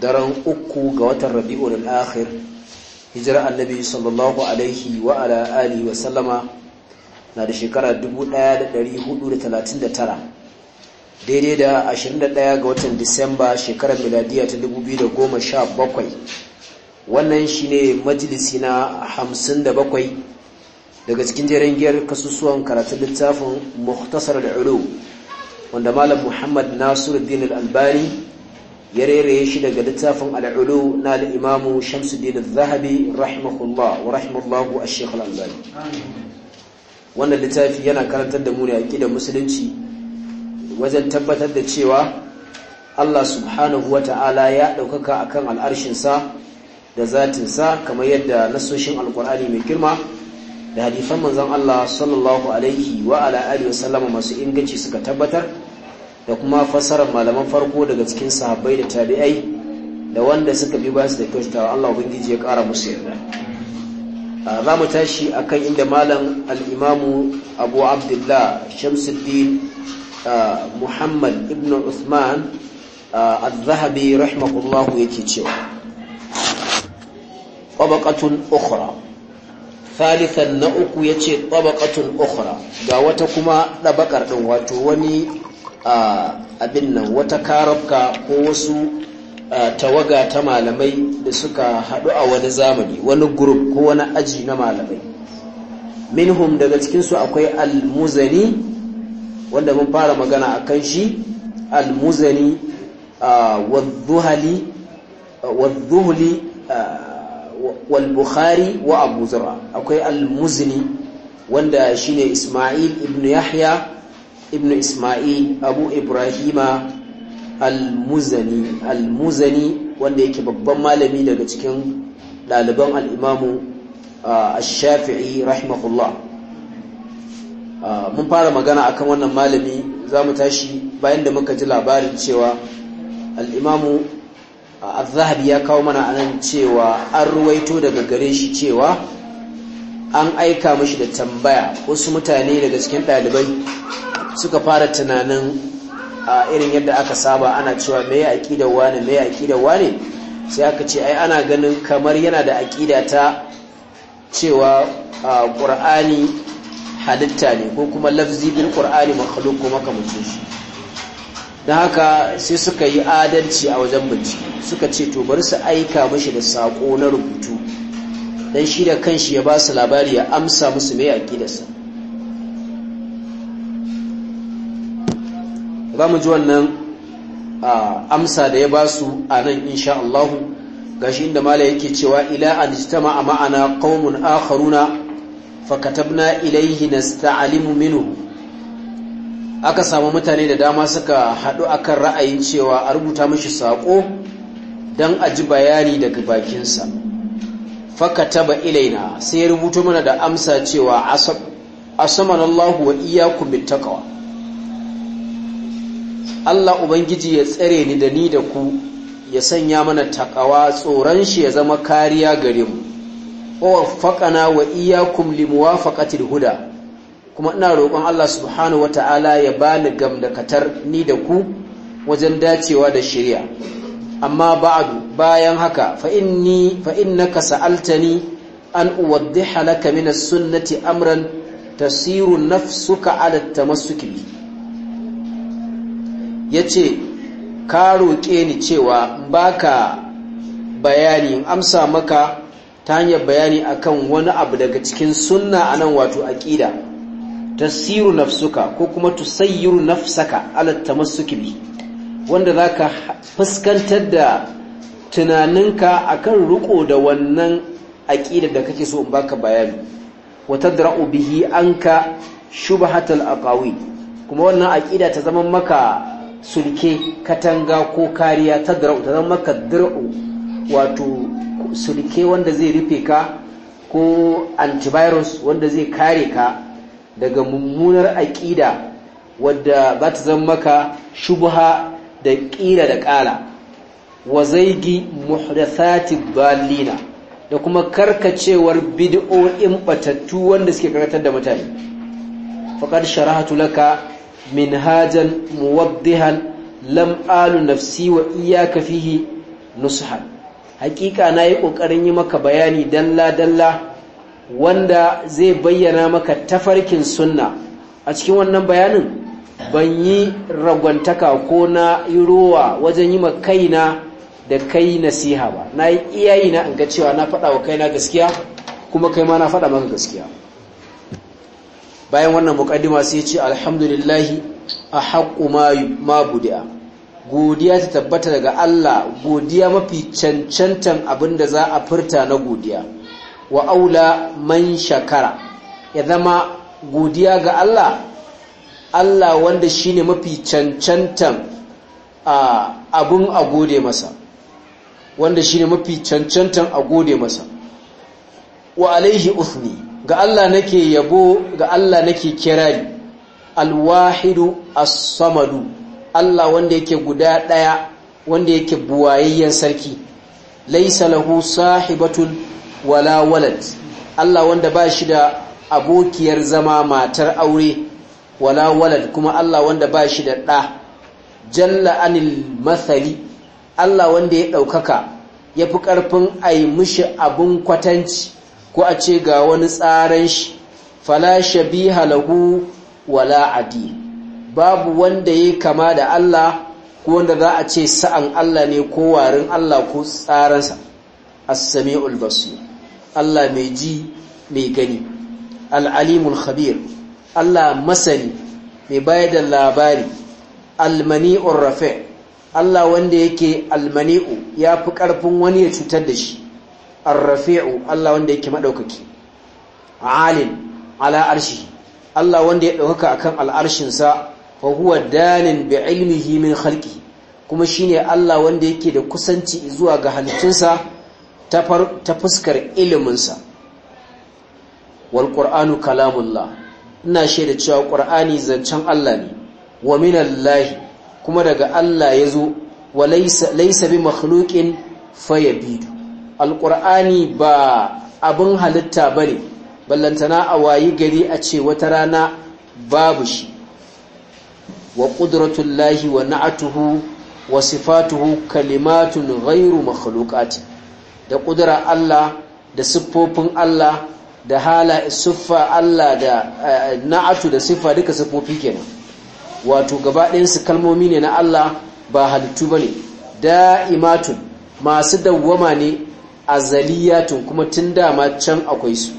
daren uku ga watan rabi'ul akhir hijira annabi sallallahu alaihi wa ala alihi wa sallama na da shekara 1439 daidai da 21 ga watan disamba shekarar miladiya ta 2017 wannan shine majalisi na 57 daga cikin giyar kasusuwan karatun littafin muhtasar al'ulu wanda malam muhammad nasiru dinar albani ya reraye shi daga littafin al'ulu na al'imamu shamsu al-zahabi rahimahullah wa rahimahullahu a shekhar albani wannan littafi yana karantar da muni a da musulunci wajen tabbatar da cewa allah subhanahu wa ta'ala ya ɗaukaka a kan al'arshinsa da zatinsa kamar yadda nasoshin alkur'ani mai girma da hadifan manzon allah sallallahu alaihi wa ala masu inganci suka tabbatar da kuma fassarar malaman farko daga cikin sahabbai da tabi'ai da wanda suka bi basu da kyautatawa Allah ubangiji ya kara musu yarda za mu tashi akan inda malam al-imamu Abu Abdullah Shamsuddin Muhammad ibn usman al-Zahabi rahimahullah yake cewa tabaqatun ukhra thalithan na uku yace tabaqatun ukhra ga wata kuma dabakar din wato wani abin nan wata karabka ko wasu tawaga ta malamai da suka haɗu a wani zamani wani grup ko wani aji na malamai minhum daga cikinsu akwai almuzani wanda mun fara magana a kan shi almuzani wal walbukhari wa abu zura akwai almuzani wanda shine ismail ibn yahya ابن Ismail Abu Ibrahima al-Muzani wanda yake babban malami daga cikin ɗaliban al'imamu imam shafii rahimahullah mun fara magana akan wannan malami za mu tashi bayan da muka ji labarin cewa al-Imam zahabi ya kawo mana anan cewa an ruwaito daga gare shi cewa an aika mashi da tambaya wasu mutane daga cikin ɗalibai suka fara tunanin a irin yadda aka saba ana cewa me ya da wane me ya da wane sai aka ce ai ana ganin kamar yana da aƙida ta cewa ƙur'ani halitta ne ko kuma lafzi bin ƙur'ani makhluk ko shi don haka sai suka yi adalci a wajen bincike suka ce to bari su aika mashi da saƙo na rubutu dan shi da kanshi ya ba su labari ya amsa musu mai aqidarsa za mu ji wannan amsa da ya ba su a nan insha Allah gashi inda mala yake cewa ila an jitama ma'ana qaumun akharuna fa katabna na nasta'limu minhu aka samu mutane da dama suka haɗu akan ra'ayin cewa a rubuta mashi saƙo don a ji bayani daga bakinsa fakataba ilaina sai ya rubuto mana da amsa cewa asaman Allah wa iyakun bittaqwa Allah ubangiji ya tsare ni da ni da ku ya sanya mana takawa tsoron shi ya zama kariya gare mu wa waffaqana wa iyyakum limuwafaqatil huda kuma ina roƙon Allah subhanahu ta'ala ya bani gamdakatar ni da ku wajen dacewa da shari'a amma ba'adu bayan haka fa inni fa innaka sa'altani an uwaddiha laka min as-sunnati amran tasiru nafsuka ala at-tamassuk bi yace ka roke ni cewa baka bayani amsa maka ta hanyar bayani akan wani abu daga cikin sunna anan wato aqida tasiru nafsuka ko kuma tusayyiru nafsaka ala at-tamassuk bi wanda za ka fuskantar da tunaninka akan riko da wannan aƙida da kake so in baka bayani wa tadra'u bihi anka shubhatal aqawi kuma wannan aƙida ta zama maka sulke katanga ko kariya tadra'u ta zama maka dir'u wato sulke wanda zai rufe ka ko antivirus wanda zai kare ka daga mummunar aƙida wadda za ta zama maka shubha da ƙila da ƙala wa zaigi muhdathati balina da kuma karkacewar bid'o'in batattu wanda suke karatar da mutane faqad sharahatu laka minhajan muwaddihan lam alu nafsi wa iyyaka fihi nushan hakika nayi kokarin yi maka bayani dalla dalla wanda zai bayyana maka tafarkin sunna a cikin wannan bayanin ban yi ragwantaka ko na yi rowa wajen yi ma kaina da kai nasiha ba na yi iyayi na ga cewa na faɗa wa kaina gaskiya kuma kai ma na faɗa maka gaskiya bayan wannan mukaddima sai ce alhamdulillahi a haƙƙu ma budi'a godiya ta tabbata daga Allah godiya mafi cancantan abin da za a furta na godiya wa aula man shakara ya zama godiya ga Allah Allah wanda shi ne mafi cancantan abun a gode masa wanda shi ne mafi cancantan a gode masa wa alaihi uthni ga Allah nake yabo ga Allah nake kirari alwahidu as-samadu Allah wanda yake guda daya wanda yake buwayayyen sarki laysa lahu sahibatun wala walad Allah wanda ba shi da abokiyar zama matar aure wala walad kuma Allah wanda ba shi da ɗa jalla anil mathali Allah wanda ya ɗaukaka ya fi ƙarfin a yi mishi abin kwatanci ko a ce ga wani tsaran shi fala shabiha lahu wala adi babu wanda ya kama da Allah ko wanda za a ce sa'an Allah ne ko warin Allah ko tsaransa as-sami'ul basir Allah mai ji mai gani al khabir Allah masani mai bayar da labari almani'ur rafi Allah wanda yake almani'u ya fi ƙarfin wani ya cutar da shi arrafe'u Allah wanda yake maɗaukaki alin ala arshi Allah wanda ya ɗaukaka akan al'arshinsa fa huwa danin bi ilmihi min khalqi kuma shine Allah wanda yake da kusanci zuwa ga halittunsa ta fuskar iliminsa wal qur'anu kalamullah ina shaida cewa qur'ani zancen Allah ne wa minallahi kuma daga Allah yazo wa laysa laysa bi makhluqin fayabidu alqur'ani ba abin halitta bane ballantana a wayi gari a ce wata rana babu shi wa lahi wa na'atuhu wa sifatuhu kalimatun ghairu makhluqati da qudrar Allah da siffofin Allah da hala siffa Allah da eh, na'atu da siffa duka siffofi kenan wato gaba ɗayansu kalmomi ne na Allah ba halittu bane da'imatun masu dawwama ne azaliyatun kuma tun dama can akwai su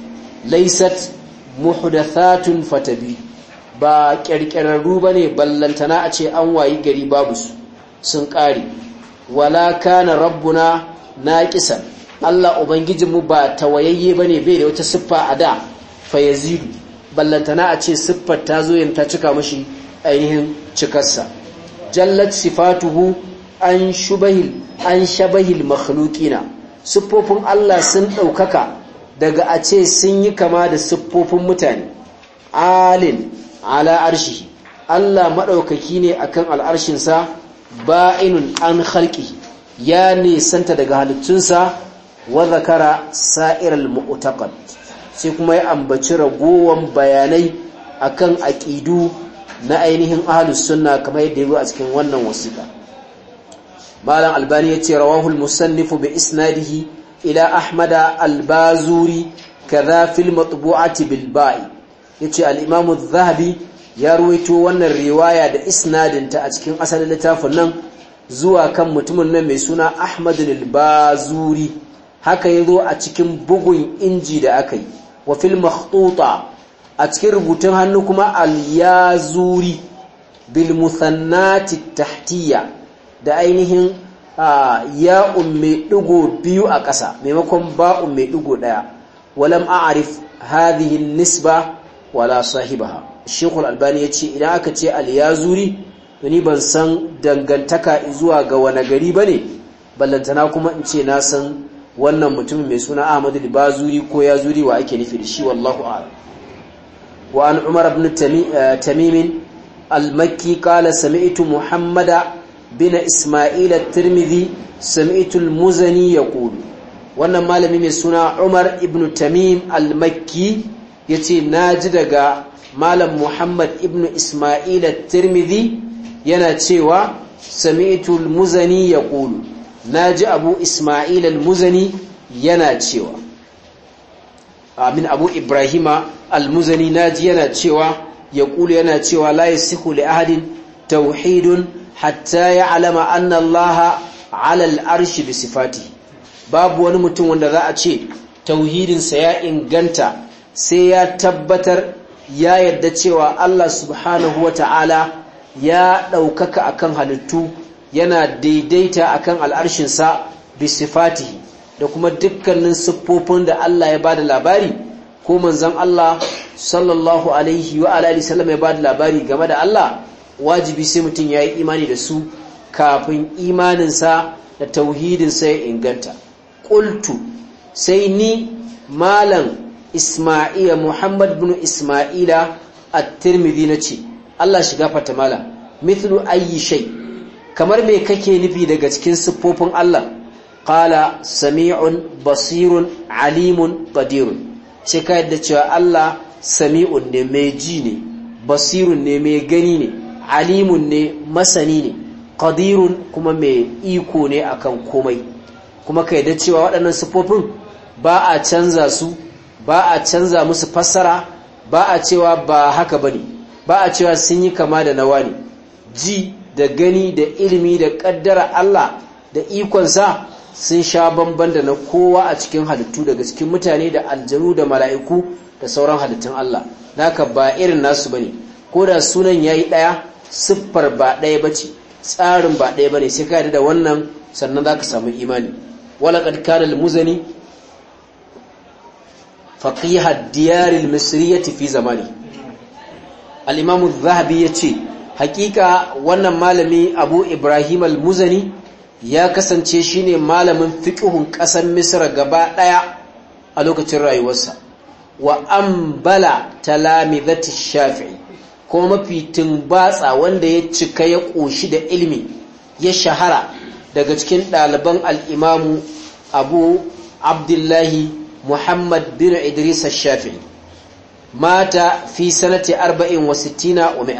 laisat muhdathatun fatabi ba ƙirƙirarru bane ballantana a ce an wayi gari babu su sun ƙare wala kana rabbuna naqisan Allah ubangijinmu ba tawayayye ne bai da wata siffa a da fa yazidu ballantana a ce siffar ta zo yin ta cika mashi ainihin cikarsa jallat sifatuhu an shubahil an shabahil makhluqina siffofin Allah sun ɗaukaka daga a ce sun yi kama da siffofin mutane alin ala arshi Allah maɗaukaki ne akan al'arshinsa ba'inun an halki ya nisanta daga halittunsa wa zakara sa'iral mu'taqad sai kuma ya ambaci ragowan bayanai akan aƙidu na ainihin ahlus sunna kamar yadda yake a cikin wannan wasiqa malam albani yace rawahu al-musannif bi isnadihi ila ahmad al-bazuri fil matbu'ati bil ba'i yace al-imam adh-dhahabi ya ruwaito wannan riwaya da isnadinta a cikin asalin littafin nan zuwa kan mutumin nan mai suna ahmad al-bazuri haka ya zo a cikin bugun inji da aka yi wa fil a cikin rubutun hannu kuma alyazuri yazuri bil musannati tahtiya da ainihin ya'un mai digo biyu a ƙasa maimakon ba'un mai digo daya walam a'arif hadhihi nisba wala sahibaha shekul albani ya ce idan aka ce alyazuri ni ban san dangantaka zuwa ga wani gari bane ballantana kuma in ce na san wannan mutum mai suna Ahmad al zuri ko ya zuri wa ake nufi da shi wallahu a'lam wa an Umar ibn eh, Tamim al-Makki qala sami'tu Muhammada bin Isma'il at-Tirmidhi sami'tu al-Muzani yaqulu wannan malami mai suna Umar ibn Tamim al-Makki yace naji daga malam Muhammad ibn Isma'il at-Tirmidhi yana cewa sami'tu al-Muzani yaqulu na ji abu ismail al-muzani yana cewa amin abu ibrahim al-muzani na ji yana cewa ya kulu yana cewa la siku li ahadin tauhidun hatta ya alama annallaha allaha ala arshi bi sifati babu wani mutum wanda za a ce tauhidinsa ya inganta sai ya tabbatar ya yadda cewa Allah subhanahu wa ta'ala ya ɗaukaka akan halittu yana daidaita akan al'arshinsa bi da kuma dukkanin siffofin da Allah ya ba da labari ko manzon Allah sallallahu alaihi wa Alaihi ya bada labari game da Allah wajibi sai mutum ya yi imani da su kafin imaninsa da tauhidinsa ya inganta kultu sai ni malam Isma'ila Muhammad bin Isma'ila a tirmidhi ce Allah shiga fata mala mithlu ayyi shai kamar me kake nufi daga cikin siffofin Allah qala sami'un basirun alimun qadirun ce ka yadda cewa Allah sami'un ne mai ji ne basirun ne mai gani ne alimun ne masani ne qadirun kuma mai iko ne akan komai kuma ka yadda cewa waɗannan siffofin ba a canza su ba a canza musu fassara ba a cewa ba haka bane ba a cewa sun yi kama da nawa ne ji da gani da ilimi da ƙaddara Allah da ikonsa sun sha bamban da na kowa a cikin halittu daga cikin mutane da aljanu da mala'iku da sauran halittun Allah ka ba irin nasu ba ne? ko da sunan ya yi ɗaya, siffar ba ba bace tsarin ba ba bane sai ka yi da wannan sannan za ka samu imani walaqad kana muzani faqih ad-diyar ya zamani Alimamu Zahabi ya ce. hakika wannan malami abu ibrahim al-muzani ya kasance shine malamin fiqhun ƙasar misra gaba ɗaya a lokacin rayuwarsa wa ambala talamizati shafi'i kuma mafi tumbatsa wanda ya cika ya ƙoshi da ilimi ya shahara daga cikin ɗaliban al'imamu abu abdullahi muhammad bin idris Shafi, mata fi sanati arba'in wa sittina wa mai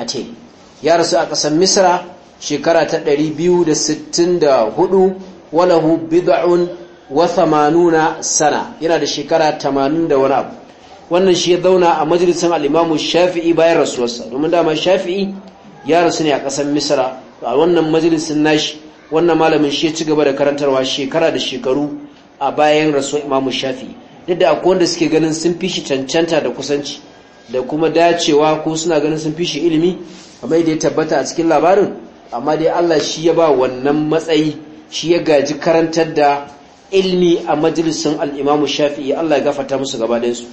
ya rasu a ƙasar misra shekara ta 264 walahu bid'un wa 80 sana yana da shekara 80 da wani abu wannan shi ya zauna a majalisar al'imamu shafi'i bayan rasuwarsa domin dama shafi'i ya rasu ne a ƙasar misra a wannan majalisar nashi wannan malamin shi ya ci gaba da karantarwa shekara da shekaru a bayan rasuwar imamu shafi'i duk da akwai wanda suke ganin sun fi shi cancanta da kusanci da kuma dacewa ko suna ganin sun fi shi ilimi kamar da ya tabbata a cikin labarin amma dai Allah shi ya ba wannan matsayi shi ya gaji karantar da ilimi a majalisun al'imamu shafi'i Allah ya gafata musu gaba su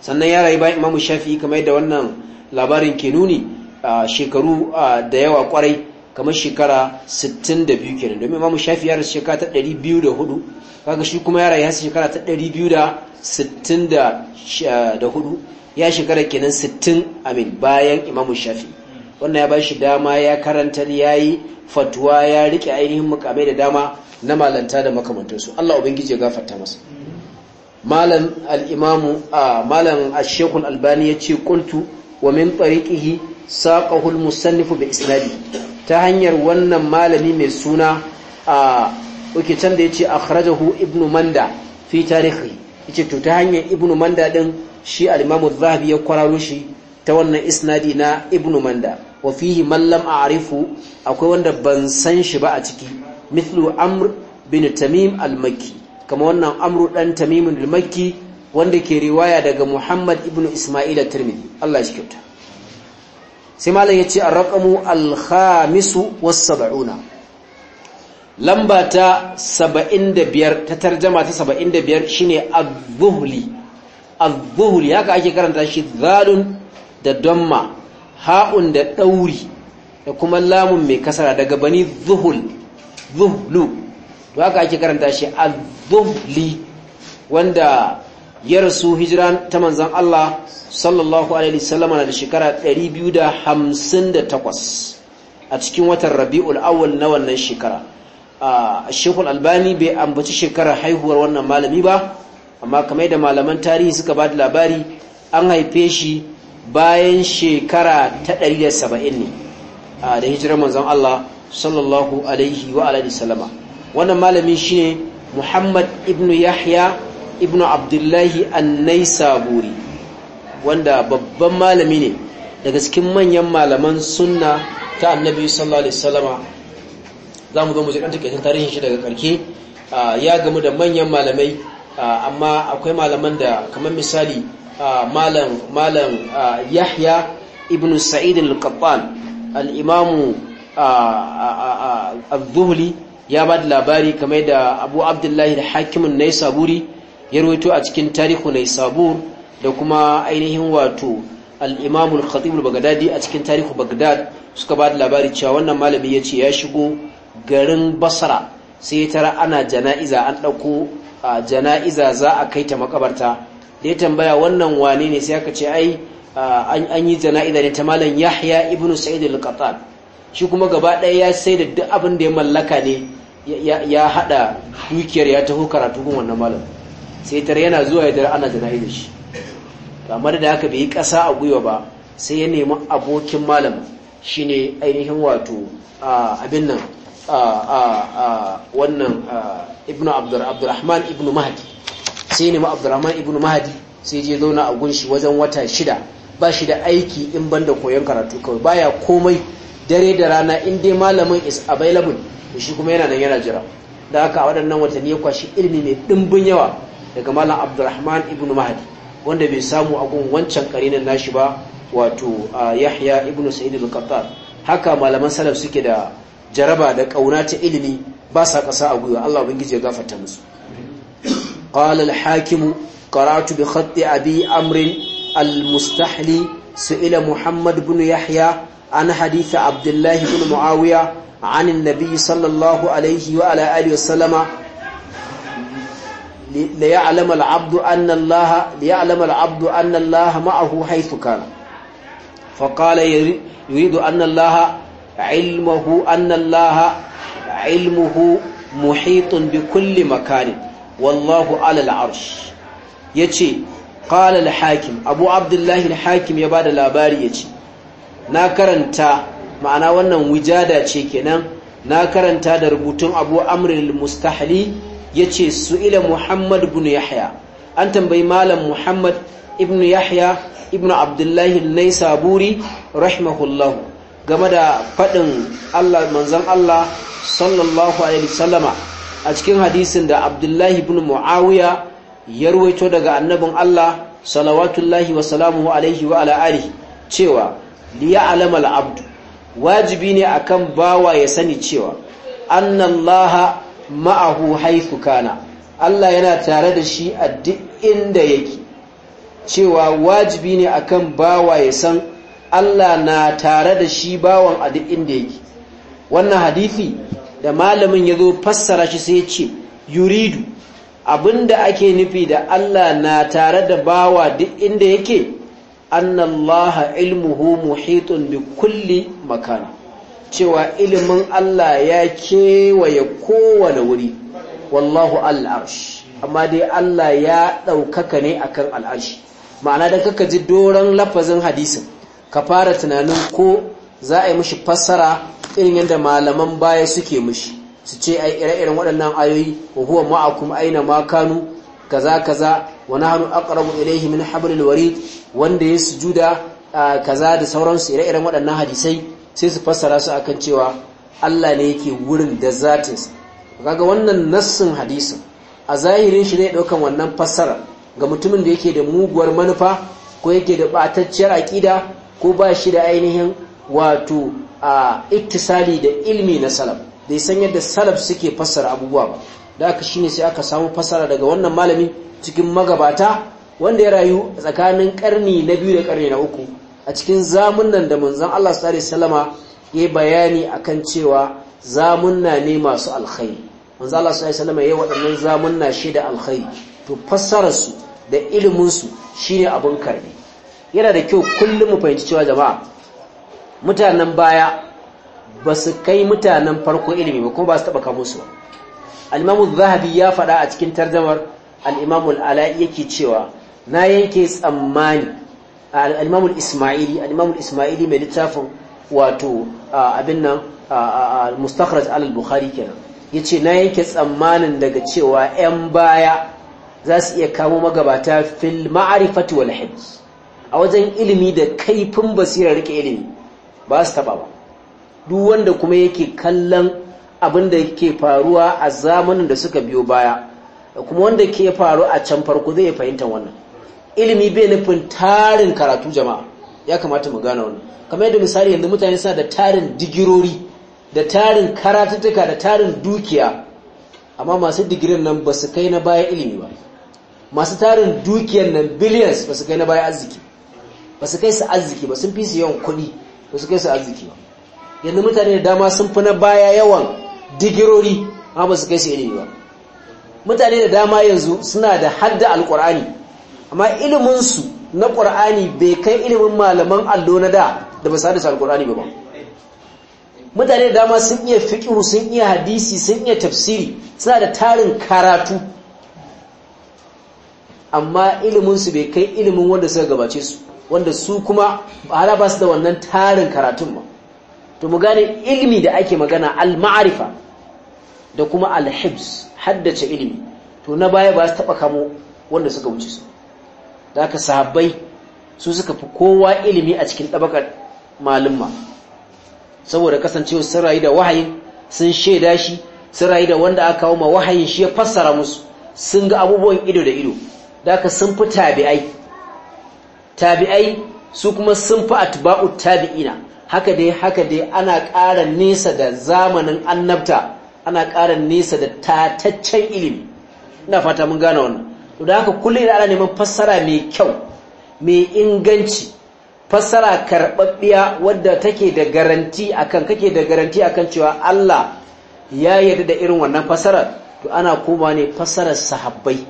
sannan ya rayu bayan imamu shafi'i kamar da wannan labarin ke nuni a shekaru da yawa kwarai kamar shekara 62 kenan domin imamu shafi'i ya rasu shekara ta 204 kaga shi kuma ya rayu har shekara ta 264 ya shekara kenan 60 amin bayan imamu shafi wannan ya bashi dama ya karanta ya yi fatuwa ya rike ainihin mukamai da dama na malanta da makamantansu Allah ubangiji ya gafarta masa malam al-imamu malam ash-shaykh al-albani yace qultu wa min tariqihi saqahu al-musannif bi isnadi ta hanyar wannan malami mai suna a uke can da yace akhrajahu ibnu manda fi tarihi yace to ta hanyar ibnu manda din shi al-imamu zahabi ya kwararo shi ta wannan isnadi na ibnu manda wa fihi mallam a'rifu akwai wanda ban san shi ba a ciki mithlu amr bin tamim al-makki kama wannan amru dan tamim al-makki wanda ke riwaya daga muhammad ibnu isma'il at-tirmidhi Allah ya kyauta sai malam yace ar-raqamu al-khamisu was-sab'una lamba ta 75 ta tarjuma ta 75 shine az-zuhli al zuhli haka ake karanta shi zalun da damma ha'un da dauri da kuma lamun mai kasara daga bani zuhul zuhlu to haka ake karanta shi al zuhli wanda ya rasu hijira ta manzon Allah sallallahu alaihi wasallam a shekara 258 a cikin watan Rabiul Awwal na wannan shekara ah, Sheikhul Albani bai ambaci shekarar haihuwar wannan malami ba amma kamar da malaman tarihi suka ba da labari an haife shi bayan shekara ta 170 ne da hijirar manzon Allah sallallahu alaihi wa alaihi salama wannan shi shine Muhammad ibn Yahya ibn Abdullahi an-Naisaburi wanda babban malami ne daga cikin manyan malaman sunna ta Annabi sallallahu alaihi za zamu zo mu ji kan tarihin shi daga karke ya gamu da manyan malamai Ah, amma akwai malaman da kamar misali ah, malam malam ah, yahya ibn sa'id al-qattan alimamu al ya ba da labari kamar da abu abdullahi da hakimin na ya rawaito a cikin tarihu naisabur da kuma ainihin wato al'imamu al al-khatibul bagadadi a cikin tarihu bagdad suka ba da labari cewa wannan malami ya ce ya shigo garin basara sai ya tara ana jana'iza an ɗauko a jana'iza za a kai ta makabarta da ya tambaya wannan wane ne sai aka ce ai an yi jana'iza ne ta malam Yahya ibn Sa'id al-Qattan shi kuma gaba ɗaya ya sai da duk abin da ya mallaka ne ya hada dukiyar ya taho karatu gun wannan malam sai tare yana zuwa ya dara ana jana'iza shi amma da haka bai yi ƙasa a gwiwa ba sai ya nemi abokin malam shine ainihin wato abin nan wannan ibnu abdurrahman ibnu mahdi sai nemi abdurrahman ibnu mahdi sai je zauna a shi wajen wata shida ba shi da aiki in banda koyon karatu kawai baya komai dare da rana in dai malamin is available to shi kuma yana nan yana jira da haka a waɗannan watanni ya kwashi ilimi mai ɗimbin yawa daga malam abdurrahman ibnu mahdi wanda bai samu a gun wancan karinin nashi ba wato yahya ibnu sa'id al-qattan haka malaman salaf suke da jaraba da kauna ta ilimi ba sa kasa a gwiwa Allah ubangiji ya gafarta musu qala al-hakim qara'tu bi khatti abi amr al-mustahli su'ila muhammad ibn yahya an hadith abdullah ibn muawiya عن النبي صلى الله عليه وعلى آله وسلم ليعلم العبد أن الله ليعلم العبد أن الله معه حيث كان فقال يريد علمه أن الله علمه محيط بكل مكان والله على العرش يتي قال الحاكم أبو عبد الله الحاكم يبادل الأباري يتي ناكرنتا معنى وانا وجادة كنا ناكرنتا دربوتون أبو أمر المستحلي يتي سئل محمد بن يحيى أنت بمال محمد ابن يحيى ابن عبد الله النيسابوري رحمه الله game da faɗin Allah manzon Allah sallallahu alaihi wasallama a cikin hadisin da Abdullahi ibn Muawiya ya ruwaito daga annabin Allah salawatullahi alaihi wa ala cewa liya'lama al-abd wajibi ne akan bawa ya sani cewa annallaha ma'ahu haythu kana Allah yana tare da shi a duk inda yake cewa wajibi ne akan bawa ya san Allah na tare da shi bawan a duk inda yake wannan hadisi da malamin ya zo fassara shi sai ya ce yuridu abinda ake nufi da Allah na tare da bawa duk inda yake annallaha ilmuhu muhitun bi kulli makana cewa ilimin Allah ya kewaye kowane wuri wallahu al'arsh amma dai Allah ya ɗaukaka ne akan al'arshi ma'ana da kaka ji doron lafazin hadisin ka fara tunanin ko za a yi mishi fassara irin yadda malaman baya suke mishi su ce ai ire-iren waɗannan ayoyi wa huwa ma'akum aina ma kanu kaza kaza wa nahnu aqrabu ilayhi min hablil warid wanda ya su sujuda kaza da sauransu ire-iren waɗannan hadisai sai su fassara su akan cewa Allah ne yake wurin da zatinsa kaga wannan nassin hadisin a zahirin shi ne daukan wannan fassara ga mutumin da yake da muguwar manufa ko yake da batacciyar aƙida ko ba shi da ainihin wato a ittisali da ilmi na salaf bai san yadda salaf suke fassara abubuwa ba da aka shine sai aka samu fassara daga wannan malami cikin magabata wanda ya rayu tsakanin karni na biyu da karni na uku a cikin zamunan da manzon Allah sallallahu alaihi wasallama yayi bayani akan cewa zamunna ne masu alkhairi manzon Allah sallallahu alaihi wasallama yayi waɗannan zamunna shi da alkhairi to fassararsu da su shine abin karbi yana da kyau kullum mu fahimci cewa jama'a mutanen baya ba su kai mutanen farko ilimi ba kuma ba su taba kamo su ba al-imamu zahabi ya faɗa a cikin tarjamar al-imamu al-ala'i yake cewa na yanke tsammani al-imamu ismaili al-imamu ismaili mai littafin wato abin nan al-mustakhraj al-bukhari kenan yace na yanke tsammanin daga cewa 'yan baya za su iya kamo magabata fil ma'arifati wal hifz a wajen ilimi da kaifin basira rike ilimi ba su taba ba duk wanda kuma yake kallon abin da ke faruwa a zamanin da suka biyo baya kuma wanda ke faru a can farko zai fahimta wannan ilimi bai nufin tarin karatu jama'a ya kamata mu gane wannan kamar yadda misali yanzu mutane suna da tarin digirori da tarin karatuttuka da tarin dukiya amma masu digirin nan ba su kai na baya ilimi ba masu tarin dukiyar nan billions ba su kai na baya arziki ba su kai su arziki ba sun fi su yawan kuɗi ba su kai su arziki ba yanzu mutane da dama sun fi na baya yawan digirori amma ba su kai su ilimi ba mutane da dama yanzu suna da hadda alkur'ani amma iliminsu na ƙur'ani bai kai ilimin malaman allo na da da ba su su alkur'ani ba mutane da dama sun iya fikiru sun iya hadisi sun iya tafsiri suna da tarin karatu amma iliminsu bai kai ilimin wanda suka gabace su wanda su kuma hala ba su da wannan tarin karatun ba to mu gane ilimi da ake magana al-ma'arifa da kuma al-hibs haddace ilimi to na baya ba su taba kamo wanda suka wuce su da aka sahabbai su suka fi kowa ilimi a cikin ɗabakar malumma saboda kasancewa sun rayu da wahayin sun shaida shi sun rayu da wanda aka kawo ma wahayin shi ya fassara musu sun ga abubuwan ido da ido da aka sun fi tabi'ai tabi'ai su kuma sun fi tuba'u tabi'ina haka dai haka dai ana ƙara nesa da zamanin annabta ana ƙara nesa da tataccen ilimi ina fata mun gane wannan to da haka kullum idan ana neman fassara mai kyau mai inganci fassara karɓaɓɓiya wadda take da garanti akan kake da garanti akan cewa Allah ya yarda da irin wannan fassarar to ana koma ne fassarar sahabbai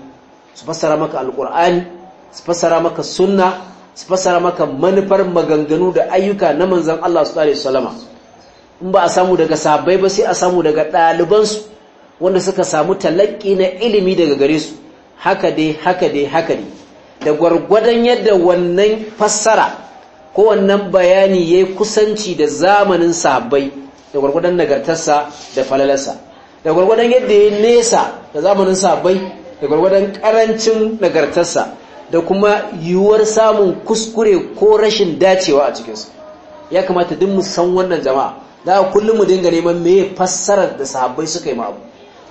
su fassara maka alqur'ani su fassara maka sunna su fassara maka manufar maganganu da ayyuka na manzan Allah su tsari salama. in ba a samu daga sabai ba sai a samu daga ɗalibansu wanda suka samu talakki na ilimi daga gare su haka dai haka dai haka dai da gwargwadon yadda wannan fassara ko wannan bayani ya yi kusanci da zamanin sabai da gwargwadon nagartarsa da falalarsa da gwargwadon yadda ya nesa da zamanin sabai da gwargwadon karancin nagartarsa da kuma yiwuwar samun kuskure ko rashin dacewa a cikinsu ya kamata duk mu san wannan jama'a da kullum mu dinga neman me fassarar da sahabbai suka yi mabu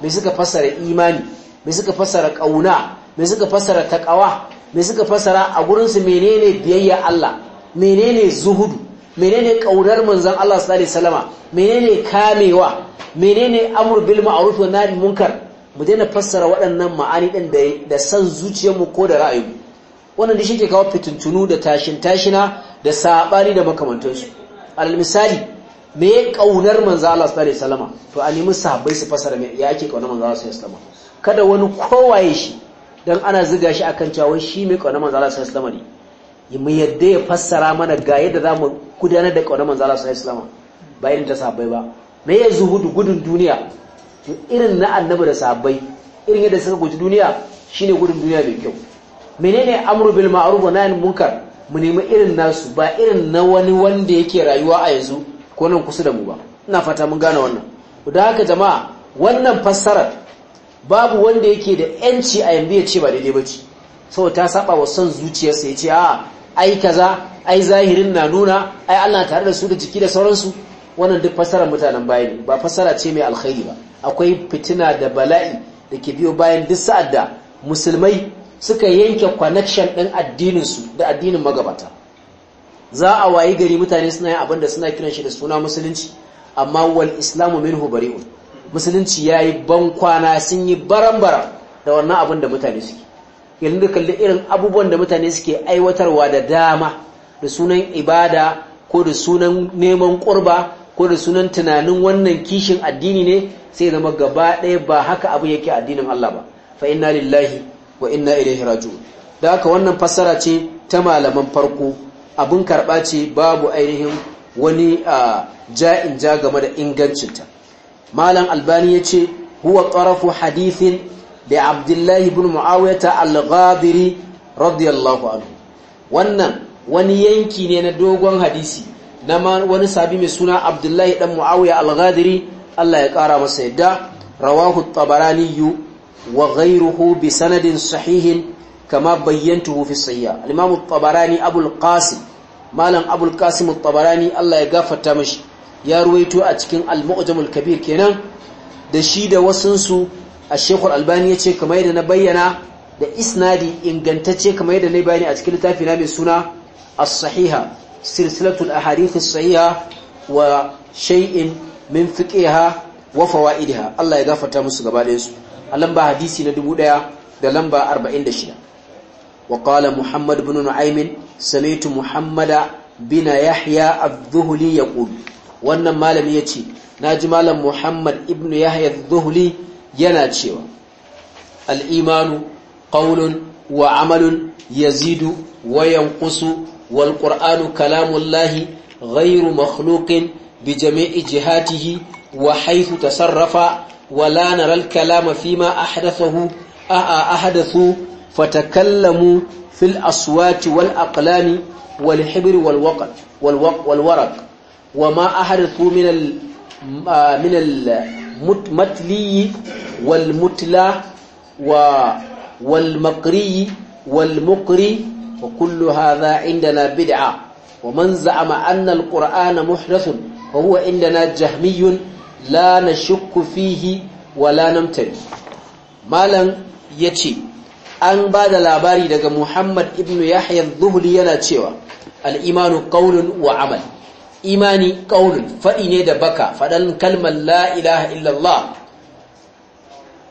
me suka fassara imani me suka fassara kauna me suka fassara takawa me suka fassara a gurin su menene biyayya Allah menene zuhudu menene kaunar manzon Allah sallallahu alaihi wasallama menene kamewa menene amr bil ma'ruf wa nahy munkar mu daina fassara waɗannan ma'ani ɗin da san zuciyarmu ko da ra'ayinmu wannan da shi ke kawo fitintunu da tashin tashina da saɓari da makamantansu alal misali me ya kaunar manzo Allah sallallahu alaihi wasallam to a nemi sahabbai su fasara me ya ake kaunar manzo Allah sallallahu alaihi kada wani kowaye shi dan ana ziga shi akan cewa shi mai kaunar manzo Allah sallallahu alaihi ne mu yadda ya fassara mana ga yadda mu gudanar da ƙaunar manzo Allah sallallahu alaihi wasallam ba irin ta sahabbai ba me ya zuhudu gudun duniya to irin na annabi da sahabbai irin yadda suka guji duniya shine gudun duniya mai kyau menene amru bil ma'ruf wa anil munkar mu nemi irin nasu ba irin na wani wanda yake rayuwa a yanzu ko nan kusa da mu ba ina fata mun gane wannan da haka jama'a wannan fassarar babu wanda yake da yanci a yanzu ya ce ba daidai bace Sau ta saba wa son zuciyarsa ya ce a ai kaza ai zahirin na nuna ai Allah tare da su da jiki da sauransu wannan duk fassarar mutanen ne. ba fassara ce mai alkhairi ba akwai fitina da bala'i da ke biyo bayan duk sa'ad da musulmai suka yanke connection ɗin addininsu da addinin magabata za a wayi gari mutane suna yin abin da suna kiran shi da suna musulunci amma wal islamu minhu bari'un musulunci yayi ban kwana sun yi barambara da wannan abin da mutane suke yanzu da kalli irin abubuwan da mutane suke aiwatarwa da dama da sunan ibada ko da sunan neman kurba ko da sunan tunanin wannan kishin addini ne sai zama gaba ɗaya ba haka abin yake addinin Allah ba fa inna lillahi wa inna ilaihi raji'un da haka wannan fassara ce ta malaman farko abin karɓa ce babu ainihin wani a ja'in ja game da ingancinta malam albani ya ce huwa tsarafu hadithin da abdullahi bin mu'awiyata al-ghabiri radiyallahu anhu wannan wani yanki ne na dogon hadisi na wani sabi mai suna abdullahi dan mu'awiya al-ghadiri Allah ya kara masa yadda rawahu wa ghayruhu bi sanadin sahihin kama bayyantuhu fi sayya al-imam at malam abul qasim Allah ya gafarta mashi ya ruwaito a cikin al-mu'jamul kabir kenan da shi da wasunsu a shekul albani ya ce kamar yadda na bayyana da isnadi ingantacce kamar yadda na bayani a cikin littafi mai suna as-sahiha silsilatul ahadith as-sahiha wa shay'in minfiƙeha fiqiha wa fawaidiha Allah ya gafarta musu gaba da a lamba hadisi na 1046 wa qala muhammad bin nu'aimin sami'tu muhammada bin yahya adh-dhuhli yaqul wannan malami yace naji malam muhammad ibn yahya adh-dhuhli yana cewa al-imanu qawlun wa 'amalun yazidu wa yanqusu wal qur'anu kalamullahi ghayru makhluqin bi jami'i jihatihi wa haythu tasarrafa wala naral ma fima ahdathahu a ahdathu fatakallamu fil aswati wal aqlami wal hibri wal waqt wal wal waraq wama ahdathu min min al wal mutla wa wal maqri wal muqri wa kullu hadha indana bid'a ومن زعم أن القرآن محدث وهو عندنا جهمي la na shukku fihi wa la namtari malam ya ce an ba da labari daga muhammad ibn yahya zuhuli yana cewa al'imanu ƙaunin wa amal imani ƙaunin faɗi ne da baka faɗan kalmar la ilaha illallah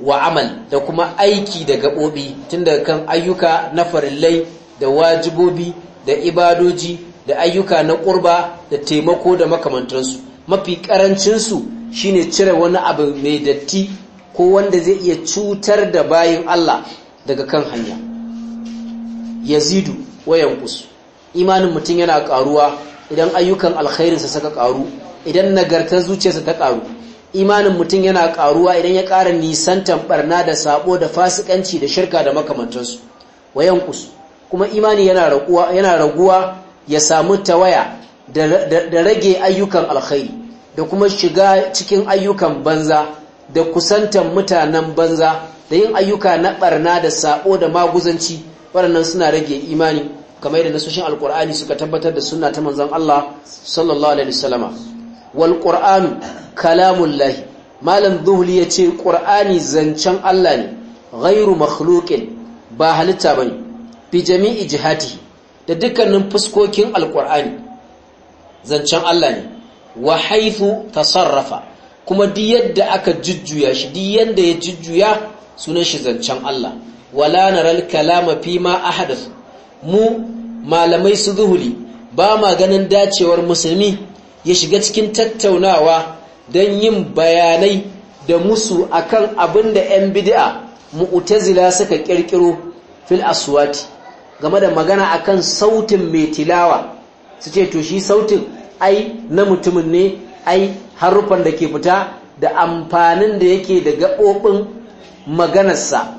wa amal da kuma aiki da gaɓoɓi tun daga kan ayyuka na farillai da wajibobi da ibadoji da ayyuka na ƙurba da taimako da makamantansu mafi karancinsu shine cire wani abu mai datti ko wanda zai iya cutar da bayin Allah daga kan hanya yazidu wayan kus imanin mutum yana karuwa idan ayyukan alkhairinsa saka karu idan nagartar zuciyarsa ta karu imanin mutum yana karuwa idan ya ƙara nisan tambarna da sabo da fasikanci da shirka da makamantansu wayan kus kuma imani yana raguwa ya samu tawaya da rage ayyukan alkhairi da kuma shiga cikin ayyukan banza da kusantan mutanen banza da yin ayyuka na barna da sabo da maguzanci waɗannan suna rage imani kamar yadda nasoshin alkur'ani suka tabbatar da suna ta manzan Allah sallallahu alaihi wasallama wal qur'anu kalamullahi malam zuhli yace qur'ani zancen Allah ne ghairu makhluqin ba halitta bane bi jami'i jihati da dukkanin fuskokin alkur'ani zancen Allah ne wa ta tasarrafa kuma di yadda aka jujjuya shi di yadda ya jujjuya sunan shi zancen Allah wala naral kalama fi ma ahadath mu malamai su zuhuli ba ma ganin dacewar musulmi ya shiga cikin tattaunawa don yin bayanai da musu akan abinda da 'yan bid'a mu'tazila suka kirkiro fil aswati game da magana akan sautin mai tilawa su ce to shi sautin ai na mutumin ne ai haruffan da ke fita da amfanin da yake da gaɓoɓin maganarsa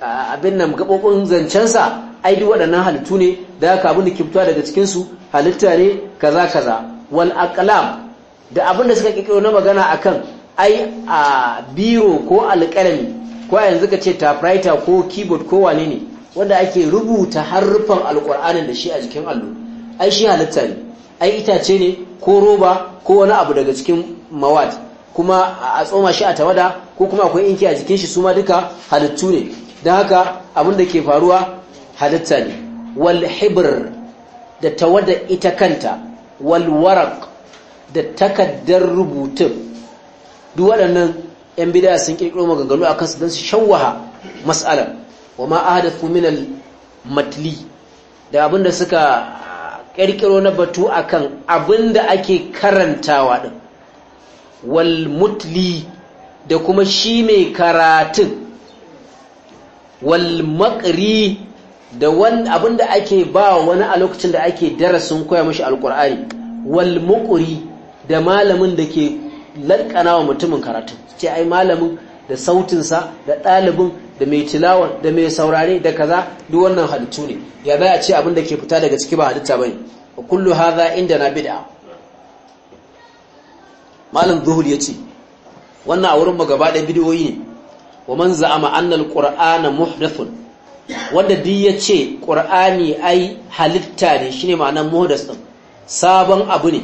abin nan gaɓoɓin zancensa ai duk waɗannan halittu ne da aka abin da ke fitowa daga cikinsu halitta ne kaza kaza wal aqlam da abin da suka kikiro na magana akan ai a biro ko alƙalami ko yanzu ka ce typewriter ko keyboard ko wane ne wanda ake rubuta haruffan alƙur'anin da shi a jikin allo ai shi halitta ne ai itace ne ko roba ko wani abu daga cikin mawad kuma a tsoma shi a tawada ko kuma akwai inki a jikin shi su ma duka halittu ne don haka abin da ke faruwa halitta ne wal hibir da tawada ita kanta wal warak da takaddar rubutun duk waɗannan yan bidaya sun kirkiro maganganu a kansu don su shawwaha mas'alar wa ma ahadathu matli da matli da abinda suka ƙirƙiro na batu akan abin da ake karantawa ɗin wal da kuma shi mai karatun wal da abin da ake ba wani a lokacin da ake darasin koya mashi alkur'ani wal da malamin da ke lankana wa mutumin karatun sai ai malamin da sautinsa da ɗalibin da mai tilawan da mai saurare da kaza duk wannan halittu ne ya za a ce abin da ke fita daga ciki ba halitta ba ne wa kullu haza inda na bid'a malam zuhur ya ce wannan a wurin magaba da bidiyoyi ne wa man za'ama annal qur'ana muhdathun wanda duk ya ce qur'ani ai halitta ne shine ma'anar muhdath din sabon abu ne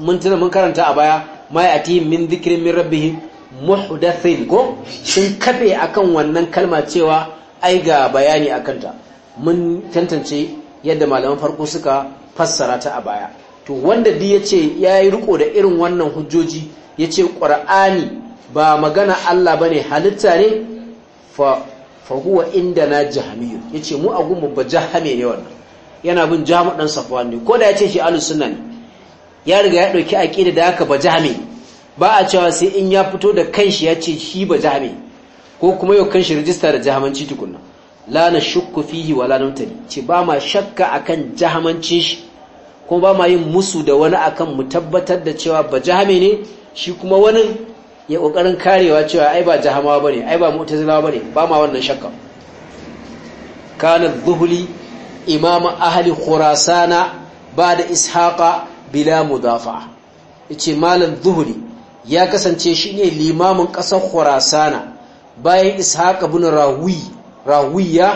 mun tuna mun karanta a baya ma yatihim min dhikrin min rabbihim muhdathin ko sun kafe akan wannan kalma cewa ai ga bayani akan ta mun tantance yadda malaman farko suka fassara ta a baya to wanda duk yace yayi riko da irin wannan hujjoji yace qur'ani ba magana Allah bane halitta ne fa fa huwa na jahmiyu yace mu agunmu ba jahame ne wannan yana bin jahmu ɗan ko da yace shi ahlus ya riga ya dauki aqida da aka ba jahmi ba a cewa sai in ya fito da kanshi ya ce shi ba jami ko kuma yau kanshi rijista da jahamanci tukunna la na shukku fihi wala namtani ce ba ma shakka akan jahamancin shi Ko ba ma yin musu da wani akan mu tabbatar da cewa ba jami ne shi kuma wani ya kokarin karewa cewa ai ba jahamawa bane ai ba mu'tazilawa bane ba ma wannan shakka Kanar dhuhli imama ahli khurasana ba da ishaqa bila mudafa yace malam dhuhli ya kasance shi ne limamin ƙasar Khurasana bayan Ishaq bin Rawi